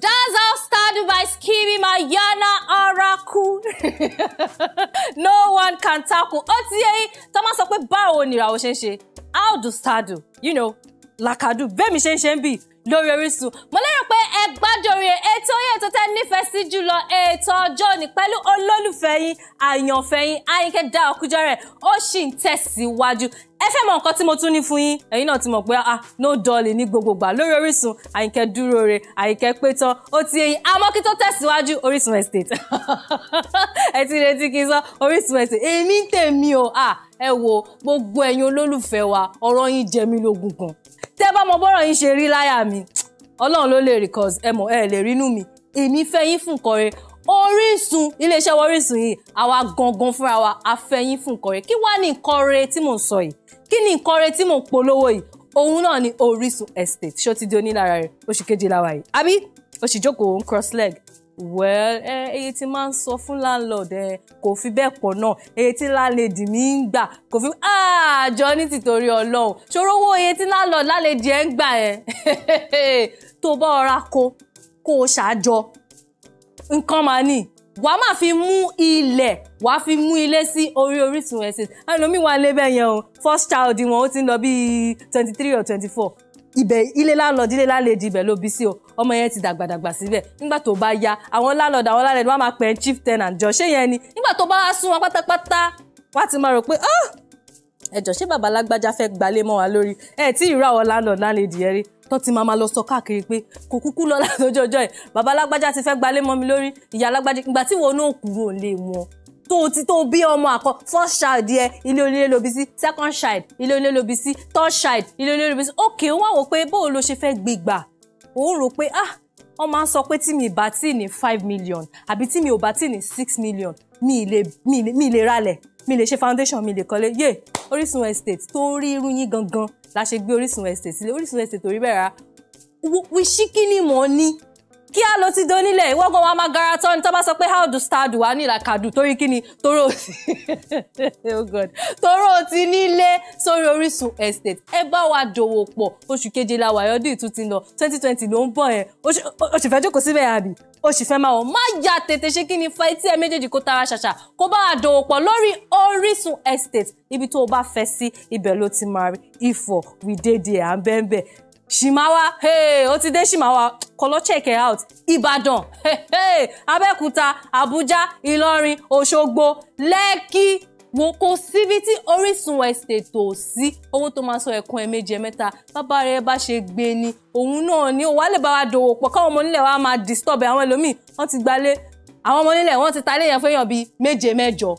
Dazzle started by Skiri Mayana Araku? no one can tackle. Ó Thomas, yé yín, tó máa sọ pé báwo ni ìràwọ̀ ṣe How do start do? You know, làkàdù, bẹ́ẹ̀ mi ṣe ń ṣe ń lórí Orísun mo lérò pé ẹ gbádùn orin ètò yẹn tó tẹ nífẹ̀ẹ́ sí jùlọ ètò ọjọ́ ni pẹ̀lú olólùfẹ́ yín àyànfẹ́ yín Àyìnkẹ́ dá ọkújọ́ rẹ̀ ó sì ń tẹ̀síwájú ẹ fẹ́ mọ nǹkan tí mo tún ní fún yín ẹ̀yin náà ti mọ̀ pé ah no dolly ní gbogbogbà lórí Orísun Àyìnkẹ́ dúró re Àyìnkẹ́ pé tán ó ti eyín àmọ́ kí tó tẹ̀síwájú Orísun estate ẹ ti retí kí n sọ Orísun estate èmi ń tèmi o ah ẹ wo gbogbo ẹ̀yin olólùfẹ́ wa ọ̀rọ̀ yín jẹ mí lógún gan tẹ́ bá mọ bọ́rọ̀ yín ṣe rí láyà mi ọlọ́run ló lè rí cause ẹ mọ̀ ẹ lè rínú mi èmi fẹ́ yín fún nǹkan rẹ orísun iléeṣẹ́ orísun yìí àwa gangan fúnra wa a fẹ́ yín fún nǹkan kí wá ní nǹkan tí mò ń sọ yìí kí ni nǹkan rẹ tí mò ń polówó yìí òun náà ni orísun estate ṣó ti di onílára rẹ oṣù kejìlá wa yìí àbí oṣù ìjókòó ń cross leg well eh, èyí tí máa ń sọ fún landlord ẹ eh, kò fi bẹ́ẹ̀ pọ̀ náà èyí tí lálejì mi ń gbà kò fi àjọ ah, ní tìtorí ọlọ́run ṣòrówó èyí tí landlord lálejì ẹ ń gbà ẹ tó bá ọra ko kó o ṣàjọ nǹkan máa nì wà á máa fi mú ilẹ̀ wà á fi mú ilé sí orí Orísun estate ẹlòmíì wà lébẹ̀ yẹn o first child wọn ó ti ń lọ bíi twenty three or twenty four ibẹ̀ ilé landlord ilé landlady ibẹ̀ ló bí sí o ọmọ yẹn ti dàgbàdàgbà síbẹ̀ nígbà tó bá ya àwọn landlord àwọn landlord wọ́n máa pè é chief tenant jọ ṣé yẹn ni nígbà tó bá sún wọn pátápátá wọ́n á ti máa rò pé ah ẹ̀jọ̀ ṣé bàbá lágbájá fẹ́ gbalé mọ́ wa lórí ẹ̀ tí ìrú àwọn landlord landlady yẹn rí tó ti máa ma lọ sọ káàkiri pé kò kúkú lọ látọjọjọ ẹ bàbá lágbájá ti fẹ́ gbalé mọ́ mi lórí ìyá lágbájá ìgbà tí wọn náà kúrò lé wọn tó ti tó bí ọmọ àkọ first child yẹ ilé onílé lóbi sí second child ilé onílé lóbi sí third child ilé onílé lóbi sí òkè wọn wò pé bó o lo ṣe fẹ́ gbégbà òun rò pé ah wọ́n máa ń sọ pé tí mi bá tí ní five million àbí tí mi ò bá tí ní six million mi lè mi lè ralẹ̀ mi lè ṣe foundation mi lè kọ́lé yé Orísun Estate tó rí irú yín gangan la ṣe gbé Orísun Estate sílẹ̀ Orísun Estate ò rí bẹ́ẹ̀ rárá wíṣíkì ni mò ní kí á lo ti donílẹ̀ ìwọ́gbọ̀n wa máa gara tán ni tó bá sọ pé how to start, do wa ní ìlàkàdù torí kí ni toro ti oh god toro ti nílé sórí Orísun estate ẹ bá wa dòwò pọ̀ oṣù keje la wàyọ́ dì tún ti lọ twenty twenty ló ń bọ̀ ẹ̀ oṣù fẹ́ jókòó síbẹ̀ àbí oṣù fẹ́ máa wọ̀ má ya tètè ṣe kí ni fa etí ẹ méjèèjì kó tara ṣàṣà kó bá wa dòwò pọ̀ lórí Orísun estate ibi tó o bá fẹ́ sí ibẹ̀ ló ti máa rí ifọ̀ wìdéde à ń bẹ́ẹ̀ bẹ́ẹ̀ ṣìmáwá hey, ó ti dé ṣìmáwá kọlọ check it out ìbàdàn hey, hey, abẹ́òkúta àbújá ìlọrin òṣogbo lẹ́kì wo kò síbi tí orísun estate ò sí owó tó máa sọ ẹ̀kan ẹ̀ méje mẹ́ta bàbá rẹ̀ bá ṣe gbé ni òun náà ni òun wà lè bá wa dòwò pọ̀ káwọn ọmọ nílẹ̀ wa máa disturb àwọn ẹlòmíì wọ́n ti gbalé àwọn ọmọ nílẹ̀ wọ́n ti ta ilé yẹn fẹ́yàn bíi méje mẹ́jọ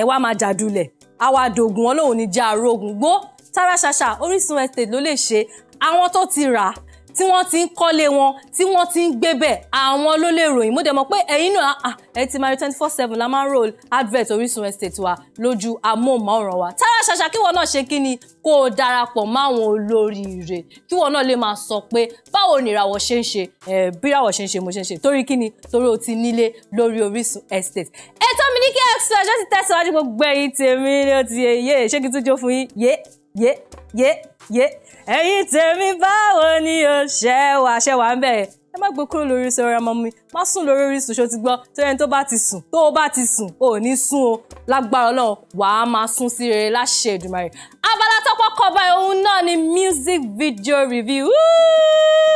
ẹ̀ wá máa jàdulẹ̀ àwa dògùn ọlọ́run ní jẹ́ àrògùn gbó tara ṣàṣà orísun estate ló lè ṣe àwọn tó ti rà á tí wọ́n ti ń kọ́lé wọn tí wọ́n ti ń gbé bẹ̀ àwọn ló lè ròyìn mo dẹ̀ mọ̀ pé ẹ̀yin náà ah, ah, ẹ ti máa rí twenty four seven la máa ń roll advert Orísun estate wa lójú amóhùnmáwòrán wa Tara Ṣàṣà kí náà ṣe kí ni kó o darapọ̀ máwọn olóríire kí wọn náà lè máa sọ pé báwo ni ìràwọ̀ ṣe ń ṣe bí ìràwọ̀ ṣe ń ṣe mo ṣe ń ṣe torí kí ni torí o ti nílé lórí Orísun estate ètò Miliki Express ti tẹ̀síwájú gbogbo ẹ̀yin tèmi ni ó ti yé ṣé kí n tún jó fún yín yé yé yé yé ẹ̀yin tèmi báwo ni o ṣe wà ṣe wà ń bẹ̀ ẹ má gbé kúrò lórí Orísun ọ̀rẹ́ ọmọ mi má sùn lórí Orísun ṣó ti gbọ́ tó yẹn tó bá ti sùn tó o bá ti sùn o ò ní sùn o lágbára Ọlọ́run wàá máa sùn sí rere láṣẹ Èdùmàrè abala tọ́pọ̀ kọba òun náà ni music video review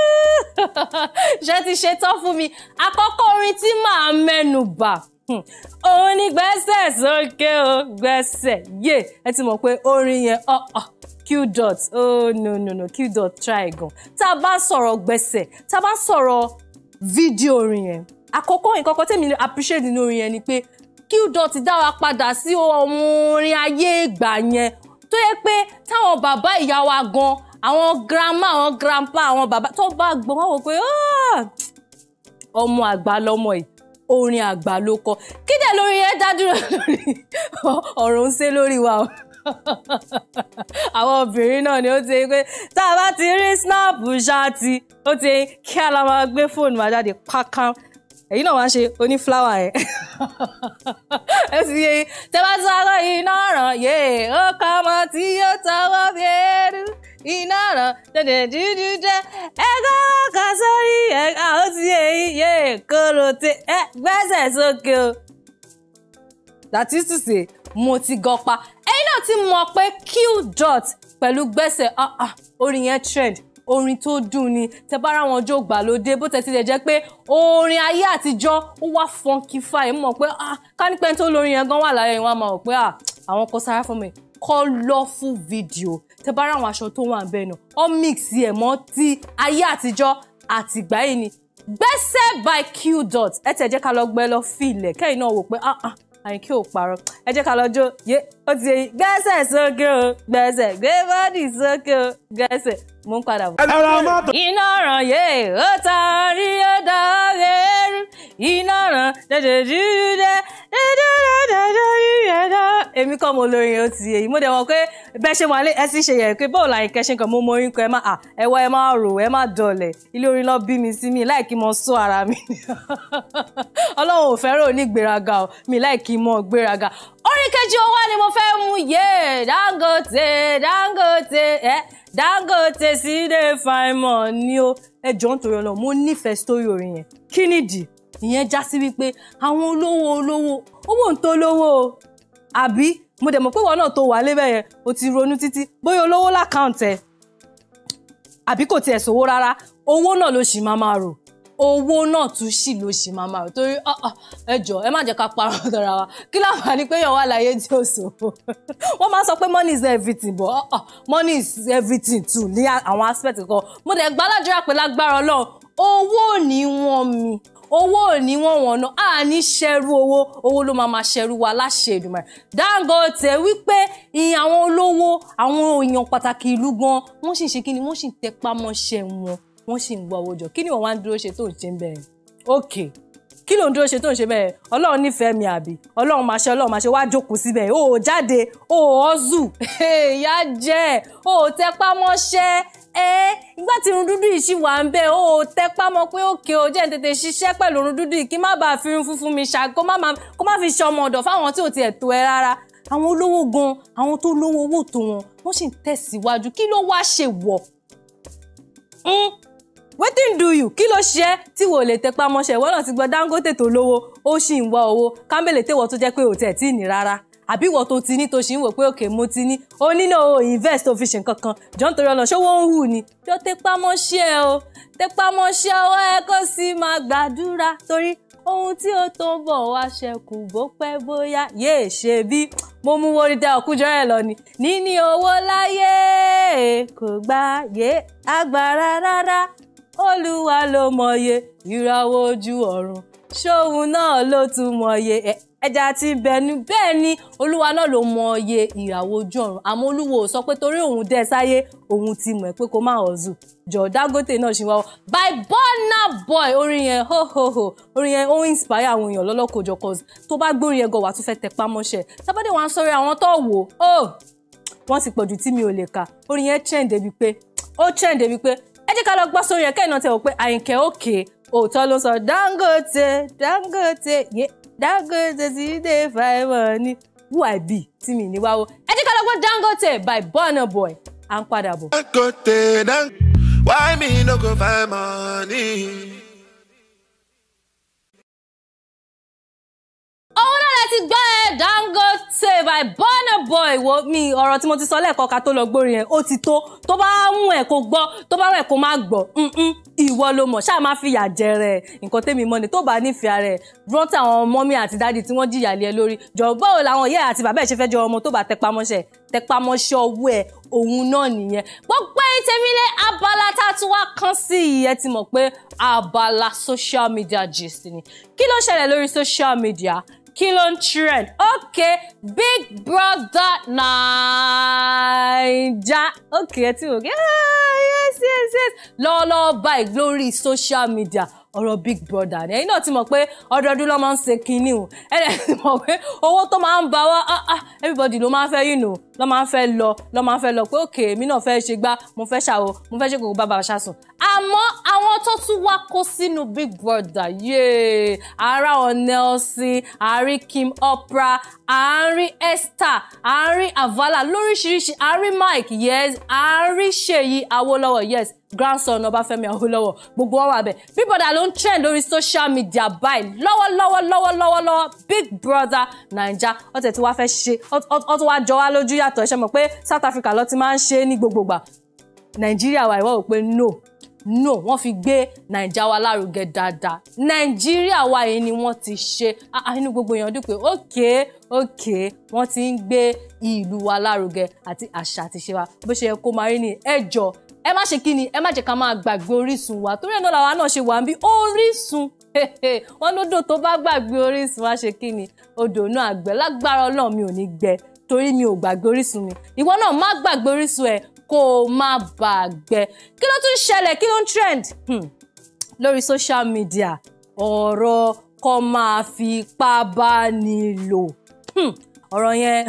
ṣé ti ṣe tán fún mi àkọ́kọ́ orin tí màá mẹ́nu bà òun hmm. ni gbẹ́sẹ̀ sókè o gbẹ́sẹ̀ yé ẹ ti mọ̀ pé orin yẹn ọ̀ọ̀ oh, oh, q dot oh no no no q dot try gan tá a bá sọ̀rọ̀ gbẹ́sẹ̀ tá a bá sọ̀rọ̀ fídíò orin yẹn àkọ́kọ́ nǹkan kan tèmi appreciate nínú orin yẹn ni pé q dot dá wa padà sí ohun orin ayé ìgbà yẹn tó yẹ pé táwọn bàbá ìyá wa gan àwọn grandma àwọn grandpa àwọn bàbá tó bá gbọ́ wọn wò pé ah, ọmọ àgbà lọmọ yìí orin àgbà ló kọ kí dẹ̀ lórí yẹn dá dúró lórí ọ̀rọ̀ ń ṣe lórí wa o àwọn obìnrin náà ni ó ti pé tá a bá ti rí snap ṣáàtì ó ti kí a la máa gbé fóònù máa jáde pákán èyí náà wá ṣe oní fúláwà yẹn ẹ sì yé tẹ bá sọ àlọ́ yìí náà ràn yé ó kà mọ́ tí yóò tọwọ́ fi é iná ràn dẹ̀dẹ̀ dúdú jẹ́ ẹ̀ka ọkà sórí ẹ̀ka ó ti yẹ iye kóró tẹ ẹ gbẹ́sẹ̀ sókè o. that is to say mo ti gọpa ẹyin náà ti mọ̀ pé q dot pẹ̀lú gbẹ́sẹ̀ orin yẹn trend orin tó dùn ni tẹ bá ra wọn jó gbàlódé bó tẹ tilẹ̀ jẹ́ pé orin ayé àtijọ́ ó wá fọnkí fáyé mọ̀ pé kánípẹ́ tó lórin yẹn gan wà láyé wọn a máa mọ̀ pé àwọn kò sára fún mi colourful video tẹ bá ráwọn aṣọ tó wà ń bẹ́ẹ̀ náà ó mix ẹ̀ mọ́ ti ayé àtijọ́ àtìgbà yìí ni gbẹ́sẹ̀ by q dot ẹ tẹ̀ jẹ́ ká lọ gbẹ́ lọ filẹ̀ kẹ́yìn náà wò pé ah ah àyìnkí ò parọ́ ẹ jẹ́ ká lọ jó yé ó ti yẹyin gbẹ́sẹ̀ sókè o gbẹ́sẹ̀ gbé bọ́dì sókè o gbẹ́sẹ̀ mò ń padà bọ̀. iná ràn yé ó ta rí ó dá rèé iná ràn dẹ́dẹ́dẹ́dẹ́ dẹ́dẹ́dẹ́dẹ́dẹ́dẹ́dẹ́ èmi kọ́ mo lórin o ti èyí mo dẹ̀ mọ̀ pé bẹ́ẹ̀ ṣe wálé ẹ sì ṣe yẹ pé bọ́ọ̀lù àyíkẹ́ ṣe kàn mo mọ orin kan ẹ má à ẹ wá ẹ má rò ẹ má dọ̀lẹ̀ ilé orin lọ bí mi sí mi láì kí mo sọ ara mi ọlọ́run ò fẹ́ràn onígbéraga o mi láì kí mo gbéraga orin kejì ó wá ni mo fẹ́ mú yé Dangote Dangote ẹ Dangote sí dé fine ni ó ẹ jọ ń torí ọ̀nà mo nífẹ̀ẹ́ sítórí orin yẹn kí nìdí ìyẹn já sí wípé àwọn olówó olówó owó ń tó lówó o àbí mo dẹ̀ mọ̀ pé wọn náà tó wà lébẹ̀ yẹn o ti ronú títí bóyá olówó lákàǹtì ẹ̀ àbí kò tiẹ̀ sówó rárá owó náà ló sì máa máa rò owó náà tún sì ló sì máa máa rò torí ah, ah, ẹ jọ ẹ má jẹ́ ká parọ́ ọ̀dọ̀ra wa kí láǹfààní pé èèyàn wà láyé tí ó sọ wọ́n máa sọ pé money is everything but ah, money is everything too ní àwọn aspect kan mo dẹ̀ gbá ládùúrà pé lágbára ọlọ́run owó ò ní wọ́n mi owó ò ní wọ́n wọ̀n náà a ní ṣẹ́rú owó owó ló máa máa ṣẹ́rú wa láṣẹ Èdùmàrè Dangote wípé ìyẹn àwọn olówó àwọn èèyàn pàtàkì ìlú gan wọ́n sì ń ṣe kí ni wọ́n sì ń tẹpá mọ́ṣẹ́ wọn wọ́n sì ń gbọ́ owó jọ kí wọ́n wá ń dúró ṣe tó ń ṣe ń bẹ̀rẹ̀ okay kí ló ń dúró ṣe tó ń ṣe bẹ́ẹ̀ ọlọ́run nífẹ̀ẹ́ mi àbí ọlọ́run máa ṣe ọlọ́run máa ṣe wá jókòó síbẹ̀ ò jáde o ò ọ́zù ìyá jẹ́ ò tẹpá mọ́ṣẹ́ ẹ ìgbà tí irun dúdú yìí ṣì wà ń bẹ ó tẹpá mọ́ pé òkè o jẹ́ ń tètè ṣiṣẹ́ pẹ̀lú irun dúdú yìí kí má bàa fi irun funfun mi ṣá kó má fi ṣe ọmọ ọ̀dọ̀ fáwọn tí ò tiẹ̀ tó ẹ rárá àwọn olówó gan àwọn tó lówó owó tó wọn wọ́n sì ń tẹ̀síwájú kí ló wá ṣe wọ̀ hmm? wetin do you kí ló ṣe é tí wò lè tẹpá mọ́ṣẹ́ ìwọ náà ti gbọ́ Dangote tó lówó ó sì ń wá owó kámbélé tèwọ́ tó jẹ́ pé ò tẹ̀ tí ì ní rárá àbí ìwọ tó ti ní tó ṣì ń wò pé òkè mo ti ní o nílò o invest o fi ṣe nǹkan kan jọ nítorí ọ̀nà ṣówó ń hù ni jọ tẹpá mọ́ṣẹ́ o tẹpá mọ́ṣẹ́ o ẹ kó sì máa gbàdúrà torí ohun tí ó tó ń bọ̀ wá ṣẹkù bó pẹ́ bóyá yéè ṣe bí mo mú wọrí dá òkújọ́ ẹ̀ lọ ni níní owó láyé kò gbà yé agbára rárá olúwa ló mọye ìràwọ̀ ojú ọ̀run ṣóun náà ló tún mọye ẹja ti bẹnu bẹ́ẹ̀ ni olúwa náà ló mọye ìràwọ̀ ojú ọ̀run àmọ́ olúwo sọ pé torí òun dẹ́ sáyé òun ti mọ̀ pé kó má ọ̀zù jọ Dangote náà ṣe wá wọ by Burna Boy orin yẹn ho ho ho orin yẹn ó ń inspire àwọn èèyàn lọ́lọ́kọjọ cause tó bá gbórin yẹn gan wà tó fẹ́ tẹpá mọ́ṣẹ́ tábàdé wa ń sọ̀rọ̀ àwọn tó wò ó oh! wọ́n ti pọ̀jù tí mi ò lè kà orin yẹn trend débi pé ó trend débi pé ẹ jẹ́ ká lọ gbọ́ sórin yẹn kẹ́hìn náà tẹ̀ wọ́n pé Àyìnkẹ́ òkè òótọ́ ló sọ Dangote Dangote yé Dangote ti dé five money wúwàbí tí mi ní wáwo ẹ jẹ́ ká lọ́gbọ́n Dangote by Burna Boy à ń padà bọ̀. Dangote Dangote why me no go find money. òun náà láti gbọ́ by Burna Boy wo mi ọ̀rọ̀ tí mo ti sọ lẹ́ẹ̀kan ká tó lọ gbórin yẹn ó ti tó tó bá mú ẹ̀ kó gbọ́ tó bá wẹ̀ kó má gbọ́ ìwọ ló mọ̀ ṣáà má fìyà jẹ rẹ̀ nǹkan tẹ́mi mọ́ ni tó bá nífẹ̀ẹ́ rẹ̀ rántí àwọn mọ́mí àti dáàdì tí wọ́n jìyà lé ẹ lórí jọ̀ọ́ báwo làwọn ìyá àti bàbá ẹ̀ ṣe fẹ́ jọ ọmọ tó bá tẹpamọ́ṣẹ́ tẹpamọ́ṣẹ́ ọwọ́ ẹ̀ òun náà nìyẹn gbogbo ẹ̀yin abala tá a tún wá kán sí ìyẹn ti mọ̀ pé abala social media gist ni kí ló ṣẹlẹ̀ lórí social media kí ló ń trend ok big brother naija ok ẹ ti wò ó ah, yes yes yes lọ́ọ́lọ́ọ́ báyìí lórí social media ọ̀rọ̀ big brother ẹ̀yin náà ti mọ̀ pé ọdọọdún ló máa ń ṣe kinní o ẹ̀yin náà ti mọ̀ pé owó tó máa ń bá wa ah, ah, everybody ló máa fẹ́ yìí know lọ́ máa ń fẹ́ lọ lọ́ máa ń fẹ́ lọ pé òkè mi náà fẹ́ ṣe gbá mo fẹ́ ṣàwọ̀ mo fẹ́ ṣe kòkó bàbá ṣàsùn. àmọ́ àwọn tó tún wá kó sínú Big Brother yéé ara wọn Nelson àárín Kim Opra àárín Esther àárín Avala lóríṣiríṣi àárín Mike yes àárín Ṣèyí Awólọ́wọ̀ yes grandson Ọbáfẹ́mi Awólọ́wọ̀ gbogbo wọn wà bẹ́ẹ̀ Big Brother ló ń trend lórí social media báyìí lọ́wọ́lọ́wọ́ lọ́wọ́lọ́wọ́ Big Brother Naija ọtẹ tí wàá fẹ́ ṣe ọtún wàá jọ wá lójú yàtọ̀ yàtọ̀ ṣe mọ̀ pé South Africa ló ti máa ń ṣe é ní gbogbogbà Nàìjíríà wa ìwọ́ ò no no wọ́n fi gbé Nàìjà wa lárugẹ dáadáa Nàìjíríà wa yìí ni wọ́n ti ṣe ah, ah, inú gbogbo èèyàn dùn pé okay okay wọ́n ti ń gbé ìlú wa lárugẹ àti àṣà àti ṣe wa bó ṣe yẹ kó máa rí ni ẹjọ ẹ má ṣe kí ni ẹ má jẹ́ ká máa gbàgbé orísun wa torí ẹ̀ náà làwa náà ṣe wà ń bí orísun wọn lódò tó bá gbàgbé orísun wa ṣe kí ni odò náà àgbẹ̀ lágbára Ọlọ́run mi ò ní gbẹ torí mi ò gbàgbé orísun mi ìwọ náà má gbàgbé orísun ẹ kó o má bàa kí ló tún ṣẹlẹ̀ kí ló ń trend hmm. lórí social media ọ̀rọ̀ kọ́ máa fipá bá ni lò hmm. ọ̀rọ̀ yẹn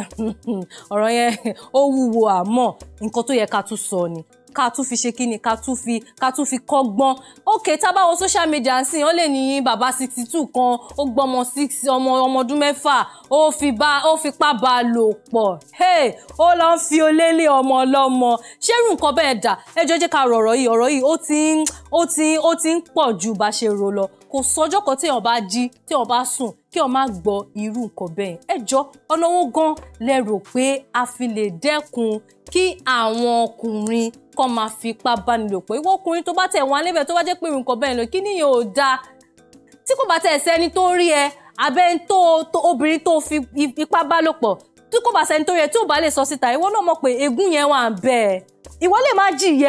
ọ̀rọ̀ yẹn ó wúwo àmọ́ nǹkan tó yẹ ká tún sọ ni ká tún fi ṣe kí ni ká tún fi ká tún fi kọ́gbọ́n ok tábàwọ social media ń sìn ó lè ní bàbá sixty two kan ó gbọ́mọ six ọmọ ọmọ ọdún mẹ́fà ó fi bá ó fipá bá a lò pọ̀ hey ó lọ ń fi olélé ọmọ ọlọ́mọ ṣérù nǹkan bẹ́ẹ̀ dà ẹ jọ̀ọ́ jẹ́ ká rọ̀rọ̀ yìí ọ̀rọ̀ yìí ó ó ti ń ó ti ń pọ̀ ju bá ṣe rò lọ kò sọjọ́ kan tí èèyàn bá jí tí èèyàn bá sùn kí èèyàn má gbọ́ irú nǹkan bẹ́ẹ̀ ẹ jọ ọ̀nà wọn gan lẹ rò pé a fi lè dẹ́kun kí àwọn ọkùnrin kan máa fipá báni lò pọ̀ ìwọ ọkùnrin tó bá tẹ̀ wọ́n alẹ́ bẹ̀ tó bá jẹ́ pé irú nǹkan bẹ́ẹ̀ lọ kí nìyẹn ò dáa tí kò bá tẹ̀ sẹ́ni tó rí ẹ abẹ́ ń tó obìnrin tó fi ipá bá lò pọ̀ tí kò bá sẹ́ni tó rí ẹ tí ò bá lè sọ síta ìwọ náà mọ̀ pé ègún yẹn wà ń bẹ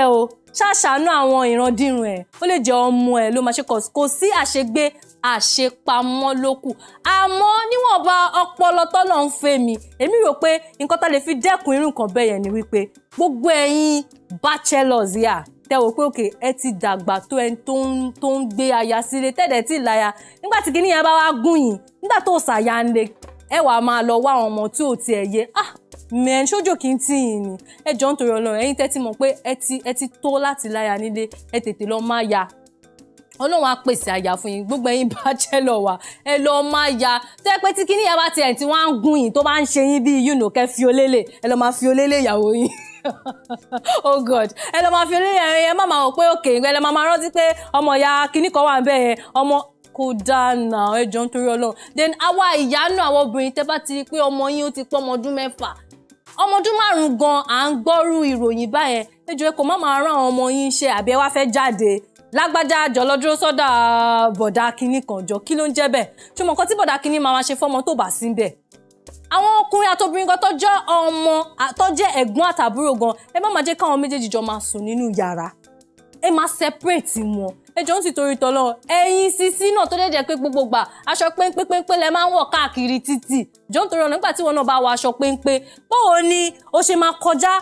ṣàṣàánú àwọn ìrandíran ẹ̀ ó lè jẹ́ ọmọ ẹ̀ ló máa ṣe kò sí àṣegbé àṣepamọ́ ló kù àmọ́ níwọ̀nba ọpọlọ tọ́lọ̀ ń fẹ́ mi èmi rò pé nǹkan tá lè fi dẹ́kun irú nǹkan bẹ́ẹ̀ yẹn ni wípé gbogbo ẹ̀yin bachelors yà tẹ wò pé òkè ẹ ti dàgbà tó ẹni tó ń tó ń gbé aya sílé tẹ́lẹ̀ tí láya nígbà tí kinní bá wá gùn yín nígbà tó ṣàyà ń le ẹ wàá máa lọ wá àwọn ọmọ tí ò tiẹ̀ yé mẹ́rin ṣójò kí n tì yín ni ẹ jọ ń torí ọlọ́run ẹ̀yin tẹ́tí mọ̀ pé ẹ ti ẹ ti tó láti láya nílé ẹ tètè lọ máa ya ọlọ́run á pèsè àyà fún yín gbogbo ẹ̀yin bá jẹ́ lọ wà ẹ lọ máa ya tó ẹ pé tí kinní yẹn bá tiẹ̀ tí wọ́n á ń gún yín tó bá ń ṣe yín bíi yùnú kẹ́ fi olélè ẹ lọ máa fi olélè ìyàwó yín oh god ẹ lọ máa fi olélè ẹ̀yin ẹ má máa wò pé òkè ẹ lọ máa máa rántí pé ọmọ ìyá kinní kan wà bẹ́ẹ̀ yẹn ọmọ kó dáná ẹ jọ ń torí ọlọ́run then àwa ìyá náà àwọn obìnrin tẹ́ bá ti rí pé ọmọ yín ó ti pọ́ ọmọ ọdún mẹ́fà ọmọ ọdún márùn-ún gan à ń gbọ́rú ìròyìn báyẹn ẹjọ́ kò má máa rán àwọn ọmọ yín ṣe àbí ẹ wá fẹ́ jáde lágbájá jọlọ dúró sọ́dọ̀ ah, bọ̀dà kínní kan jọ kí ló ń jẹ́ bẹ́ẹ̀ tí mo kàn tí bọ̀dà kínní máa ṣe fọ́mọ tó bá sí bẹ́ẹ̀ àwọn ọkùnrin àtobìnrin kan tó jẹ́ ọmọ tó jẹ́ ẹ̀gbọ́n àtàbúrò gan ẹ má máa jẹ́ káwọn méjèèjì jọ máa sùn nínú yàrá ẹ máa separate wọn ẹjọ́ ń sì torí tọ́lọ́ ẹ̀yin sisi náà tó dẹ̀jẹ̀ pé gbogbo gbà aṣọ péńpéńpé lẹ máa ń wọ̀ káàkiri títì jọ ń torí ọ̀nà nígbà tí wọn náà bá wọ aṣọ péńpé báwo ni ó ṣe máa kọjá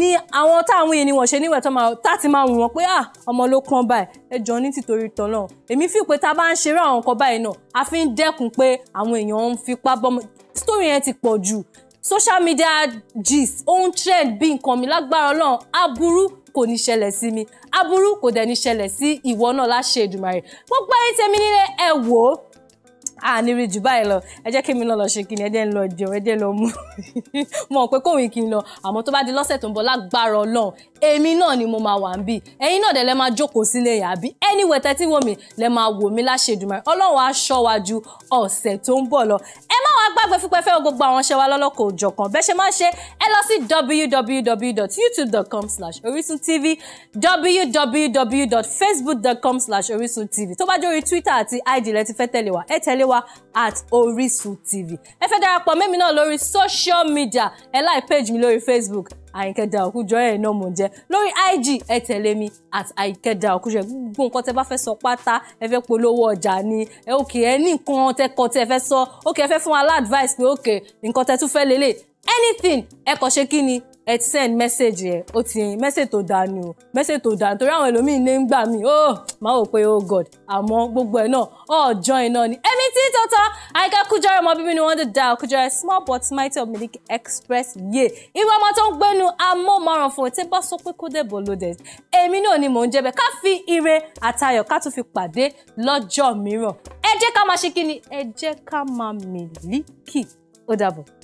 ní àwọn táwọn ènìyàn ṣe níwẹ̀ tó máa táti máa wù wọ́n pé à ah, ọmọ ló kàn báyìí ẹjọ́ ní tìtorí tọ́lọ́ èmi fi pé tá a bá ń ṣeré àwọn nǹkan báyìí náà a fi ń dẹ́kun pé àwọn èèyàn ń fipá bọ́mọ story yẹn ti pọ̀ jù social media gist ó trend bí nǹkan mi lágbára ọlọ́run aburú kò ní ṣẹlẹ̀ sí mi aburú kò dẹ̀ ní ṣẹlẹ̀ sí ìwọ náà láṣẹ Èdùmàrè gbogbo ẹ̀yin tèmi nílé ẹ wò ó àní rí jù báyìí lọ ẹ jẹ́ kí mi náà lọ ṣe kíni ẹdẹ ń lọ jẹun ẹdẹ ń lọ mú mọ̀ pé kóhùn kí n lọ àmọ́ tó bá di lọ́sẹ̀ tó ń bọ̀ lágbára Ọlọ́run èmi náà ni mo máa wà ń bì ẹ̀yin náà dẹ̀ lẹ́ máa jókòó sílé yà bí anyway tẹ́tí wò mí lẹ́ máa wò mí láṣẹ̀dùmọ̀ ọlọ́run á wa ju ọ̀sẹ̀ tó ń bọ̀ lọ ẹ má wàá gbàgbé fípẹ́fẹ́ o gbogbo àwọn ṣẹ́ wa lọ́lọ́kọ̀ òjọ̀kan bẹ́ẹ̀ ṣe máa ṣe ẹ lọ sí www.youtube.com/orisuntv www.facebook.com/orisuntv tó bá jẹ́ orí twitter àti id lẹ́ ti fẹ́ tẹ̀lé wa ẹ tẹ̀lé wa at orisuntv ẹ fẹ́ darapọ̀ mẹ́mi náà lórí social media ẹ like page mi lórí facebook àyìnkẹ́ Daokujoy ẹ̀ náà mò ń jẹ́ lórí ig ẹ tẹ̀lé mi at àyìnkẹ́ Daokujoy gbogbo nǹkan tẹ bá fẹ́ sọ pátá ẹ fẹ́ polówó ọjà ni ẹ òkè ẹ ní nǹkan tẹ kọ tẹ fẹ́ sọ òkè ẹ fẹ́ fún wa lá advice pé òkè nǹkan tẹ tún fẹ́ lélẹ̀ anything ẹ kàn ṣe kí ni ẹ send message yẹn ó ti message tó dáa o message tó dáa nítorí àwọn ẹlòmíín lè ń gbà mí ó oh, máa wò pé oh god àmọ́ gbogbo ẹ̀ náà ọ̀ oh, join náà ni èmi tí tọ́tọ́ àyíká Kújọrẹ ọmọ bíbí ni wọ́n ti dá Kújọrẹ small but mighty of Miliki Express yé ìwé ọmọ tó ń gbénu amóhùnmáwòrán tí bá sọ pé kó dẹ̀bọ̀ ló dẹ̀ èmi náà ni mò ń jẹ́ ká fi ire àtayọ̀ ká tún fi pàdé lọ́jọ́ mìíràn ẹ jẹ́ ká máa ṣe kí ni ẹ jẹ́ ká máa Miliki ó dàbọ̀.